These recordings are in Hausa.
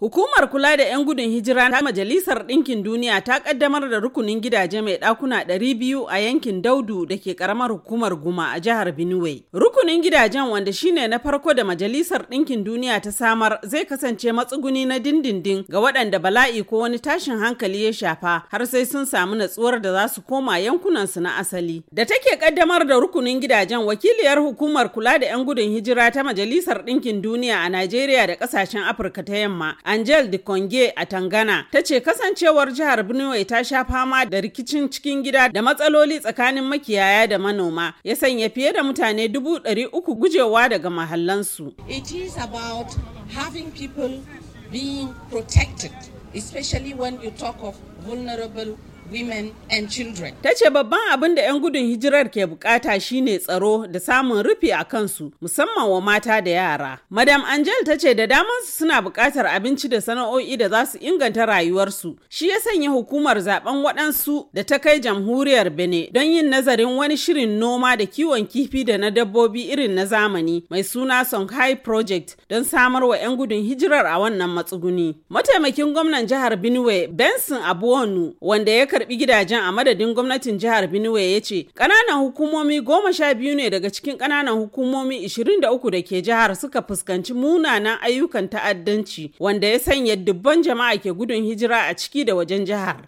Hukumar kula da 'yan gudun hijira ta Majalisar Ɗinkin Duniya ta kaddamar da rukunin gidaje mai ɗakuna 200 a yankin Daudu da ke ƙaramar hukumar Guma a jihar Benue. Rukunin gidajen wanda shine na farko da Majalisar Ɗinkin Duniya ta samar zai kasance matsuguni na dindindin ga waɗanda bala'i ko wani tashin hankali ya shafa har sai sun samu natsuwar da za su koma yankunansu na asali. Da take kaddamar da rukunin gidajen wakiliyar hukumar kula da 'yan gudun hijira ta Majalisar Ɗinkin Duniya a Najeriya da ƙasashen Afirka ta Yamma Angel conge a Tangana ta ce kasancewar jihar Benue ta sha fama da rikicin cikin gida da matsaloli tsakanin makiyaya da manoma ya sanya fiye da mutane dubu ɗari uku gujewa daga mahallansu. It is about having people being protected, especially when you talk of vulnerable women Ta ce babban abin da 'yan gudun hijirar ke bukata shine tsaro da samun rufi a kansu musamman wa mata da yara. Madam Angel ta ce da damar su suna bukatar abinci da sana'o'i da za su inganta rayuwarsu. Shi ya sanya hukumar zaben waɗansu da ta kai jamhuriyar bene, don yin nazarin wani shirin noma da kiwon kifi da na dabbobi irin na zamani mai suna High Project don samar wa 'yan gudun hijirar a wannan matsuguni. Mataimakin gwamnan jihar Benue Benson Abuonu wanda ya karbi gidajen a madadin gwamnatin jihar Benue ya ce ƙananan hukumomi goma sha biyu ne daga cikin ƙananan hukumomi 23 da ke jihar suka fuskanci munanan ayyukan ta'addanci wanda ya sanya dubban jama'a ke gudun hijira a ciki da wajen jihar.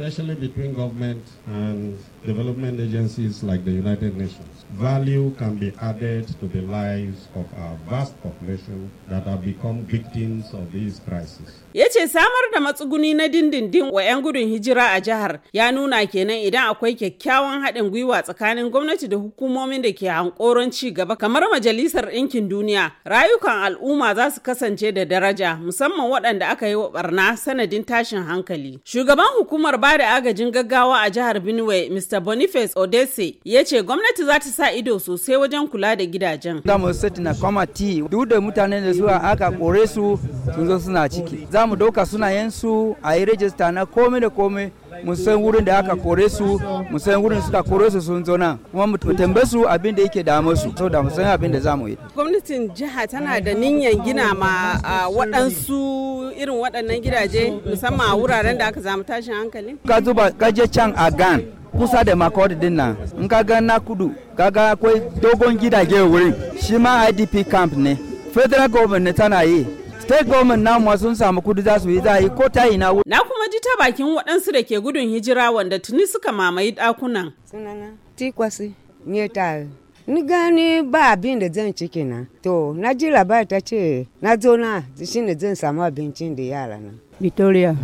especially between government and development agencies like the United Nations. Value can be added to the lives of our vast population that have become victims of these crises. Ya ce samar da matsuguni na dindindin wa 'yan gudun hijira a jihar ya nuna kenan idan akwai kyakkyawan haɗin gwiwa tsakanin gwamnati da hukumomin da ke hankoron ci gaba kamar Majalisar Ɗinkin Duniya, rayukan al'umma za su kasance da daraja musamman waɗanda aka yi wa barna sanadin tashin hankali. Shugaban hukumar bada agajin gaggawa a jihar Benue, Mr. Boniface Odese, ya ce gwamnati za ta sa ido sosai wajen kula da gidajen. Za mu sati na kwamati duk da mutane da zuwa aka kore su sun zo suna ciki. Za mu sunayen su a yi rajista na komai da komai Musan san wurin da aka kore su musan san wurin suka kore su sun zo kuma mu tambaye su abin da yake damu su saboda mu san abin da za yi gwamnatin jiha tana da niyyar gina ma waɗansu irin waɗannan gidaje musamman a wuraren da aka zamu tashin hankali ka zuba ka je can a gan kusa da makawar din nan in ka ga na kudu ka ga akwai dogon gidaje wurin shi ma idp camp ne federal government tana yi state government mu sun samu kudi za su yi za yi ko ta yi na na kuma ji ta bakin waɗansu da ke gudun hijira wanda tuni suka mamaye ɗakunan. sunana tikwasi ne ta ni gani ba abin da zan ciki na. to na ji labari ta ce na zo na shi ne zan samu abincin da yara na victoria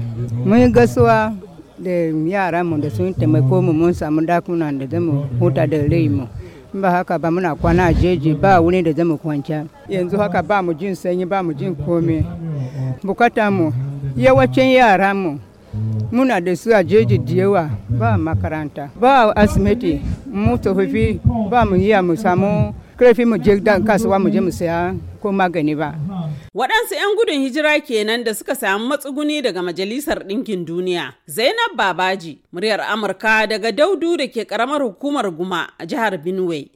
mun gasuwa da yara mu da sun taimako mu mun samu dakunan da zan huta da rai mu ba haka ba muna kwana a ba wuri da zama kwanciya yanzu haka ba mu jin sanyi ba mu jin komai bukata mu yawancin yara mu muna da su a jeji da yawa ba makaranta ba asibiti mu tsofaffi ba mu yi mu samu karfi mu je kasuwa mu je mu saya ko magani ba Waɗansu 'yan gudun hijira kenan da suka samu matsuguni daga Majalisar Ɗinkin Duniya. Zainab Babaji, muryar Amurka daga Daudu da ke ƙaramar hukumar Guma a jihar Benue.